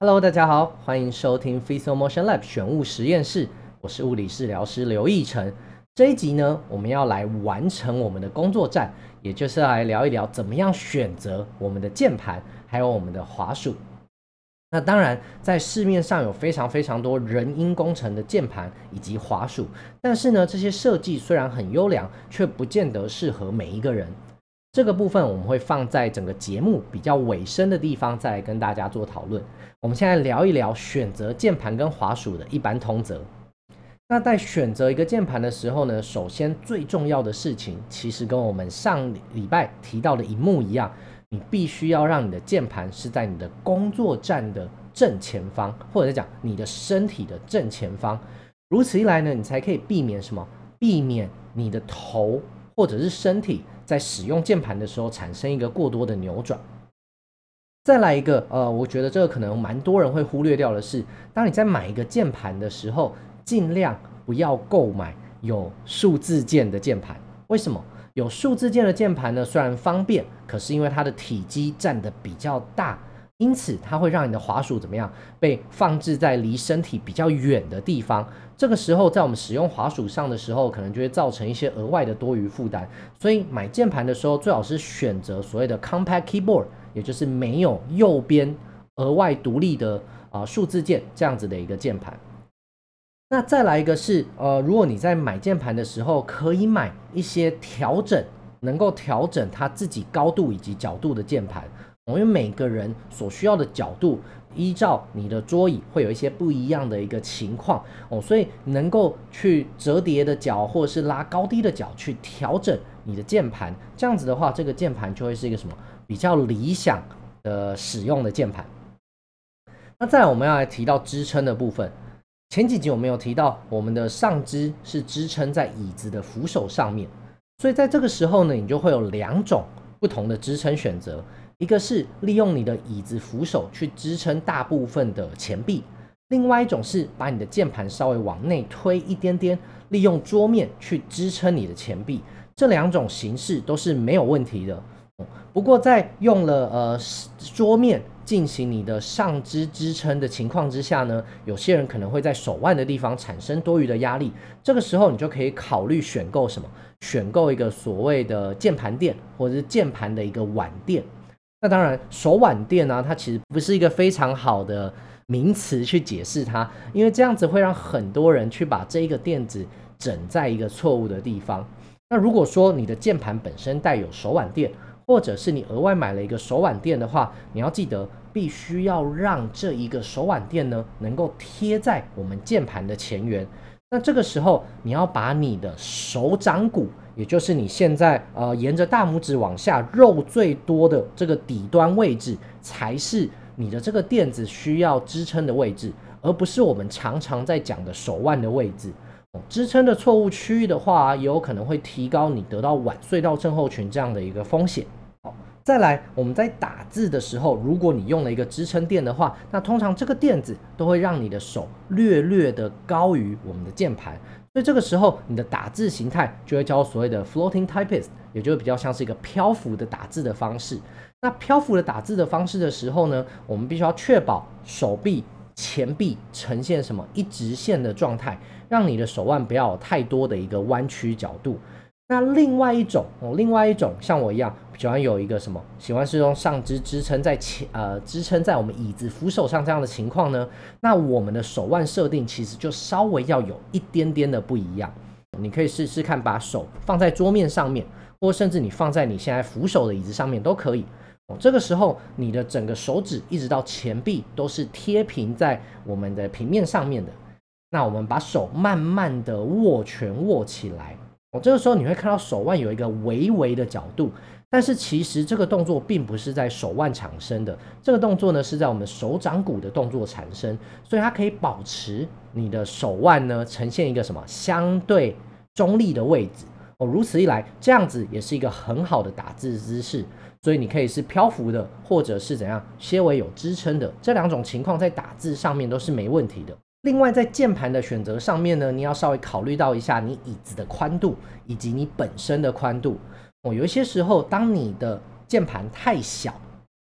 Hello，大家好，歡迎收聽 Physical Motion Lab 選物實驗室，我是物理治療師劉義成。這一集呢，我們要來完成我們的工作站，也就是要來聊一聊怎麼樣選擇我們的鍵盤，還有我們的滑鼠。那當然，在市面上有非常非常多人因工程的鍵盤以及滑鼠，但是呢，這些設計雖然很優良，卻不見得適合每一個人。這個部分我們會放在整個節目比較尾聲的地方，再來跟大家做討論。我們現在聊一聊選擇鍵盤跟滑鼠的一般通則。那在選擇一個鍵盤的時候呢，首先最重要的事情，其實跟我們上禮拜提到的一模一樣，你必須要讓你的鍵盤是在你的工作站的正前方，或者是講你的身體的正前方。如此一來呢，你才可以避免什麼？避免你的頭。或者是身體在使用鍵盤的時候產生一個過多的扭轉。再來一個，呃，我覺得這個可能蠻多人會忽略掉的是，當你在買一個鍵盤的時候，盡量不要購買有數字鍵的鍵盤。為什麼有數字鍵的鍵盤呢？雖然方便，可是因為它的體積佔得比較大。因此，它會讓你的滑鼠怎麼樣被放置在離身體比較遠的地方。這個時候，在我們使用滑鼠上的時候，可能就會造成一些額外的多餘負擔。所以，買鍵盤的時候，最好是選擇所謂的 compact keyboard，也就是沒有右邊額外獨立的啊、呃、數字鍵這樣子的一個鍵盤。那再來一個是，是呃，如果你在買鍵盤的時候，可以買一些調整能夠調整它自己高度以及角度的鍵盤。因為每個人所需要的角度，依照你的桌椅會有一些不一樣的一個情況哦，所以能夠去摺疊的腳，或者是拉高低的腳去調整你的鍵盤，這樣子的話，這個鍵盤就會是一個什麼比較理想的使用的鍵盤。那再，我們要來提到支撐的部分。前幾集我們有提到，我們的上肢是支撐在椅子的扶手上面，所以在這個時候呢，你就會有兩種不同的支撐選擇。一個是利用你的椅子扶手去支撐大部分的前臂，另外一種是把你的鍵盤稍微往內推一點點，利用桌面去支撐你的前臂。這兩種形式都是沒有問題的。不過在用了呃桌面進行你的上肢支撐的情況之下呢，有些人可能會在手腕的地方產生多餘的壓力。這個時候你就可以考慮選購什麼？選購一個所謂的鍵盤墊，或者是鍵盤的一個腕墊。那當然，手腕墊呢、啊，它其實不是一個非常好的名詞去解釋它，因為這樣子會讓很多人去把這一個墊子整在一個錯誤的地方。那如果說你的鍵盤本身帶有手腕墊，或者是你額外買了一個手腕墊的話，你要記得必須要讓這一個手腕墊呢能夠貼在我們鍵盤的前緣。那這個時候，你要把你的手掌骨。也就是你現在呃，沿着大拇指往下肉最多的這個底端位置，才是你的這個墊子需要支撐的位置，而不是我們常常在講的手腕的位置。哦、支撐的錯誤區域的話、啊，也有可能會提高你得到腕隧道症候群這樣的一個風險。好、哦，再來，我們在打字的時候，如果你用了一個支撐墊的話，那通常這個墊子都會讓你的手略略的高於我們的鍵盤。所以這個時候，你的打字形態就會叫所謂的 floating typist，也就是比較像是一個漂浮的打字的方式。那漂浮的打字的方式的時候呢，我們必須要確保手臂前臂呈現什麼一直線的狀態，讓你的手腕不要有太多的一個彎曲角度。那另外一種哦，另外一種像我一樣。喜歡有一個什麼？喜歡是用上肢支撐在前，呃支撐在我們椅子扶手上這樣的情況呢？那我們的手腕設定其實就稍微要有一點點的不一樣。你可以試試看，把手放在桌面上面，或甚至你放在你現在扶手的椅子上面都可以，這個時候你的整個手指一直到前臂都是貼平在我們的平面上面的。那我們把手慢慢的握拳握起來。哦，這個時候你會看到手腕有一個微微的角度。但是其實這個動作並不是在手腕產生的，這個動作呢是在我們手掌骨的動作產生，所以它可以保持你的手腕呢呈現一個什麼相對中立的位置哦。如此一來，這樣子也是一個很好的打字姿勢。所以你可以是漂浮的，或者是怎樣，些微有支撐的這兩種情況，在打字上面都是沒問題的。另外，在鍵盤的選擇上面呢，你要稍微考慮到一下你椅子的寬度以及你本身的寬度。哦，有一些時候，當你的鍵盤太小，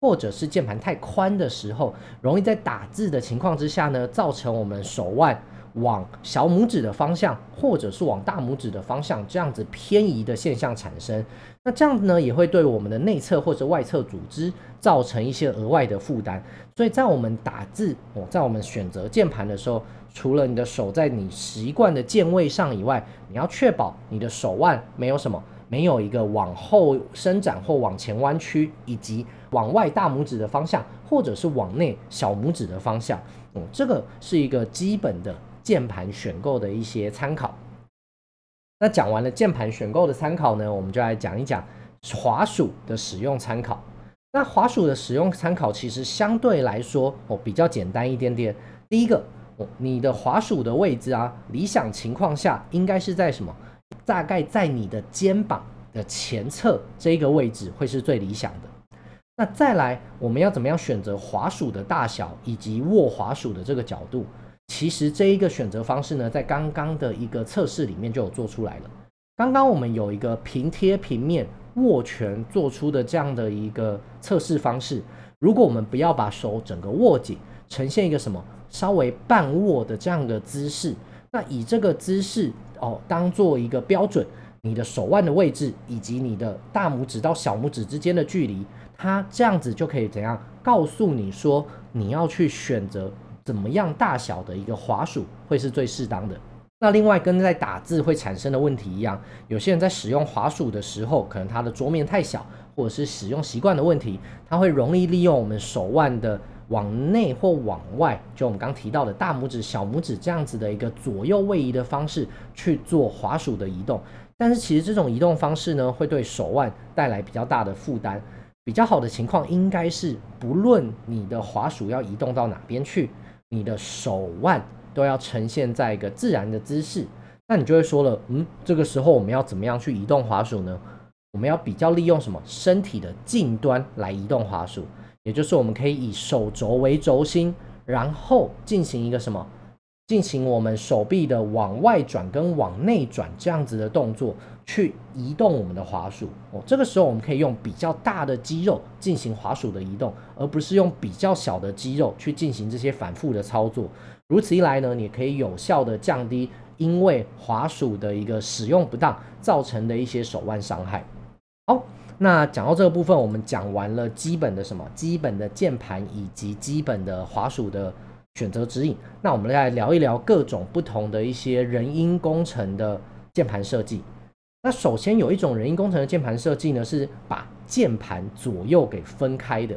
或者是鍵盤太寬的時候，容易在打字的情況之下呢，造成我們手腕往小拇指的方向，或者是往大拇指的方向這樣子偏移的現象產生。那這樣子呢，也會對我們的內側或者外側組織造成一些額外的負擔。所以在我們打字，哦，在我們選擇鍵盤的時候，除了你的手在你習慣的鍵位上以外，你要確保你的手腕沒有什麼。沒有一個往後伸展，或往前彎曲，以及往外大拇指的方向，或者是往內小拇指的方向。嗯，這個是一個基本的鍵盤選購的一些參考。那講完了鍵盤選購的參考呢，我們就來講一講滑鼠的使用參考。那滑鼠的使用參考其實相對來說，哦，比較簡單一點點。第一個，哦，你的滑鼠的位置啊，理想情況下應該是在什麼？大概在你的肩膀的前側這個位置會是最理想的。那再來，我們要怎麼樣選擇滑鼠的大小以及握滑鼠的這個角度？其實這一個選擇方式呢，在剛剛的一個測試裡面就有做出來了。剛剛我們有一個平貼平面握拳做出的這樣的一個測試方式，如果我們不要把手整個握緊，呈現一個什麼？稍微半握的這樣的姿勢，那以這個姿勢哦當做一個標準，你的手腕的位置以及你的大拇指到小拇指之間的距離，它這樣子就可以怎樣？告訴你說你要去選擇怎麼樣大小的一個滑鼠會是最適當的。那另外跟在打字會產生的問題一樣，有些人在使用滑鼠的時候，可能他的桌面太小，或者是使用習慣的問題，他會容易利用我們手腕的。往內或往外，就我們剛提到的大拇指、小拇指這樣子的一個左右位移的方式去做滑鼠的移動，但是其實這種移動方式呢，會對手腕帶來比較大的負擔。比較好的情況應該是，不論你的滑鼠要移動到哪邊去，你的手腕都要呈現在一個自然的姿勢。那你就會說了，嗯，這個時候我們要怎麼樣去移動滑鼠呢？我們要比較利用什麼身體的近端來移動滑鼠。也就是我們可以以手肘為軸心，然後進行一個什麼？進行我們手臂的往外轉跟往內轉這樣子的動作，去移動我們的滑鼠。哦，這個時候我們可以用比較大的肌肉進行滑鼠的移動，而不是用比較小的肌肉去進行這些反覆的操作。如此一來呢，你可以有效地降低因為滑鼠的一個使用不當造成的一些手腕傷害。好。那講到這個部分，我們講完了基本的什麼？基本的鍵盤以及基本的滑鼠的選擇指引。那我們來聊一聊各種不同的一些人因工程的鍵盤設計。那首先有一種人因工程的鍵盤設計呢，是把鍵盤左右給分開的。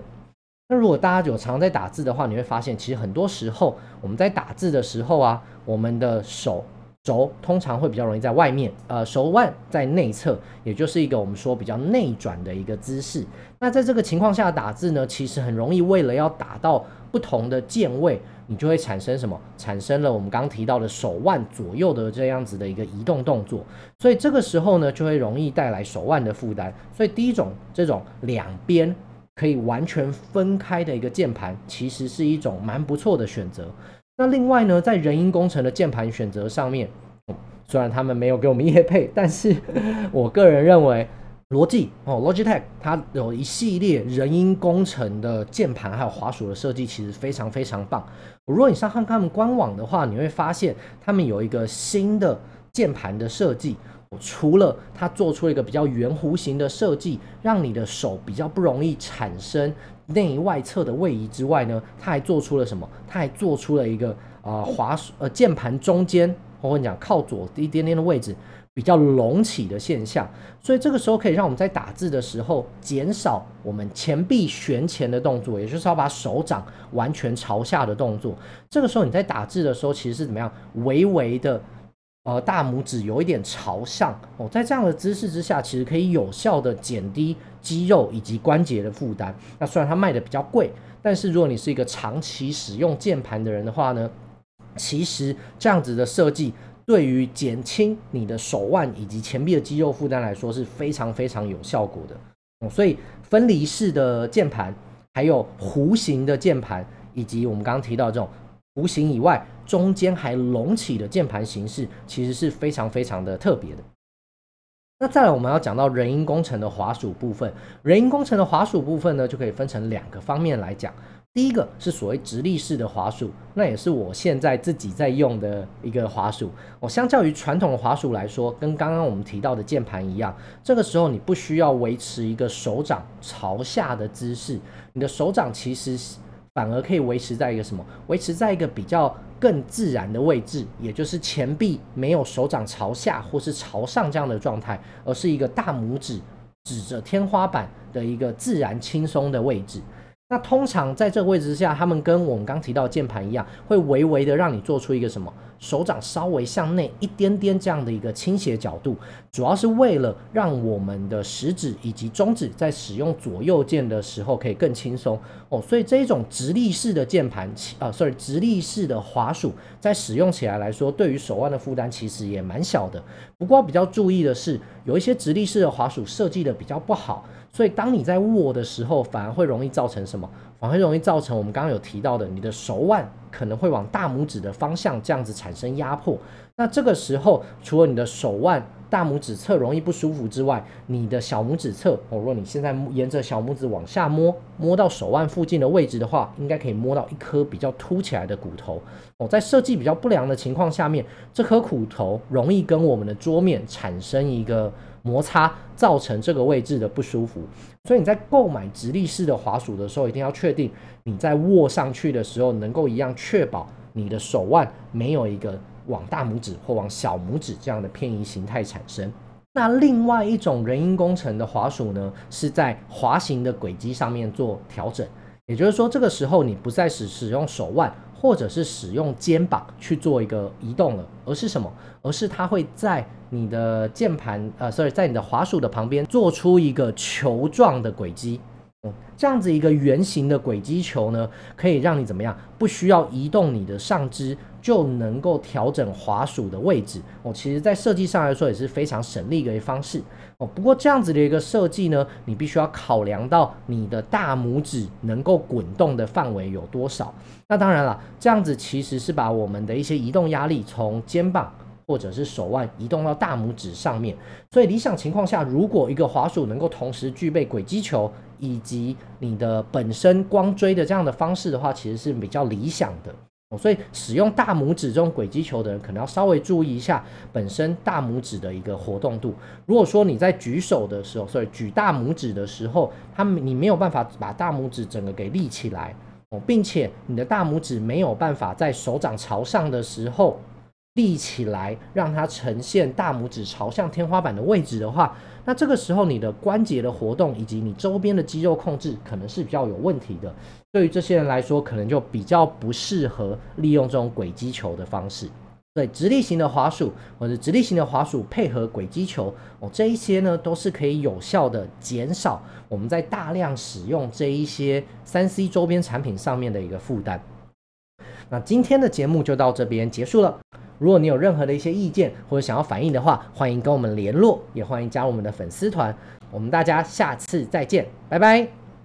那如果大家有常在打字的話，你會發現，其實很多時候我們在打字的時候啊，我們的手。肘通常會比較容易在外面，呃，手腕在內側，也就是一個我們說比較內轉的一個姿勢。那在這個情況下打字呢，其實很容易為了要打到不同的鍵位，你就會產生什麼？產生了我們剛剛提到的手腕左右的這樣子的一個移動動作。所以這個時候呢，就會容易帶來手腕的負擔。所以第一種這種兩邊可以完全分開的一個鍵盤，其實是一種蠻不錯的選擇。那另外呢，在人因工程的鍵盤選擇上面，雖然他們沒有給我們業配，但是我個人認為，羅技哦，Logitech 它有一系列人因工程的鍵盤還有滑鼠的設計，其實非常非常棒。如果你上看看他們官網的話，你會發現他們有一個新的鍵盤的設計，除了它做出了一個比較圓弧形的設計，讓你的手比較不容易產生。內外側的位移之外呢，它還做出了什麼？它還做出了一個啊、呃、滑、呃鍵盤中間我跟你講，靠左一點點的位置比較隆起的現象，所以這個時候可以讓我們在打字的時候減少我們前臂旋前的動作，也就是要把手掌完全朝下的動作。這個時候你在打字的時候其實是怎麼樣？微微的。呃，大拇指有一點朝上哦，在這樣的姿勢之下，其實可以有效的減低肌肉以及關節的負擔。那雖然它賣的比較貴，但是如果你是一個長期使用鍵盤的人的話呢，其實這樣子的設計對於減輕你的手腕以及前臂的肌肉負擔來說是非常非常有效果的。嗯，所以分離式的鍵盤，還有弧形的鍵盤，以及我們剛剛提到這種。弧形以外，中間還隆起的鍵盤形式，其實是非常非常的特別的。那再來，我們要講到人因工程的滑鼠部分。人因工程的滑鼠部分呢，就可以分成兩個方面來講。第一個是所謂直立式的滑鼠，那也是我現在自己在用的一個滑鼠。我、哦、相較於傳統的滑鼠來說，跟剛剛我們提到的鍵盤一樣，這個時候你不需要維持一個手掌朝下的姿勢，你的手掌其實是。反而可以維持在一個什麼？維持在一個比較更自然的位置，也就是前臂沒有手掌朝下或是朝上這樣的狀態，而是一個大拇指指着天花板的一個自然輕鬆的位置。那通常在這個位置下，他們跟我們剛提到鍵盤一樣，會微微的讓你做出一個什麼，手掌稍微向內一點點這樣的一個傾斜角度，主要是為了讓我們的食指以及中指在使用左右鍵的時候可以更輕鬆哦。所以這一種直立式的鍵盤，呃、哦、sorry，直立式的滑鼠。在使用起來來說，對於手腕的負擔其實也蠻小的。不過要比較注意的是，有一些直立式的滑鼠設計得比較不好，所以當你在握的時候，反而會容易造成什麼？反而容易造成我們剛剛有提到的，你的手腕可能會往大拇指的方向這樣子產生壓迫。那這個時候，除了你的手腕，大拇指側容易不舒服之外，你的小拇指側，哦，如果你現在沿着小拇指往下摸，摸到手腕附近的位置的話，應該可以摸到一顆比較凸起來的骨頭。哦，在設計比較不良的情況下面，這顆骨頭容易跟我們的桌面產生一個摩擦，造成這個位置的不舒服。所以你在購買直立式的滑鼠的時候，一定要確定你在握上去的時候，能夠一樣確保你的手腕沒有一個。往大拇指或往小拇指這樣的偏移形態產生。那另外一種人因工程的滑鼠呢，是在滑行的軌跡上面做調整。也就是說，這個時候你不再是使用手腕或者是使用肩膀去做一個移動了，而是什麼？而是它會在你的鍵盤，呃，sorry，在你的滑鼠的旁邊做出一個球狀的軌跡。嗯，這樣子一個圓形的軌跡球呢，可以讓你怎麼樣？不需要移動你的上肢，就能夠調整滑鼠的位置。我其實在設計上來說也是非常省力的一個方式。哦，不過這樣子的一個設計呢，你必須要考量到你的大拇指能夠滾動的範圍有多少。那當然了，這樣子其實是把我們的一些移動壓力從肩膀或者是手腕移動到大拇指上面。所以理想情況下，如果一個滑鼠能夠同時具備軌跡球以及你的本身光追的這樣的方式的話，其實是比較理想的。所以，使用大拇指這種軌跡球的人，可能要稍微注意一下本身大拇指的一個活動度。如果說你在舉手的時候，所以舉大拇指的時候，他你沒有辦法把大拇指整個給立起來，並且你的大拇指沒有辦法在手掌朝上的時候。立起來，讓它呈現大拇指朝向天花板的位置的話，那這個時候你的關節的活動以及你周邊的肌肉控制可能是比較有問題的。對於這些人來說，可能就比較不適合利用這種軌跡球的方式。對直立型的滑鼠，或者直立型的滑鼠配合軌跡球哦，這一些呢都是可以有效的減少我們在大量使用這一些三 C 周邊產品上面的一個負擔。那今天的節目就到這邊結束了。如果你有任何的一些意見或者想要反映的話，歡迎跟我們聯絡，也歡迎加入我們的粉絲團。我們大家下次再見，拜拜。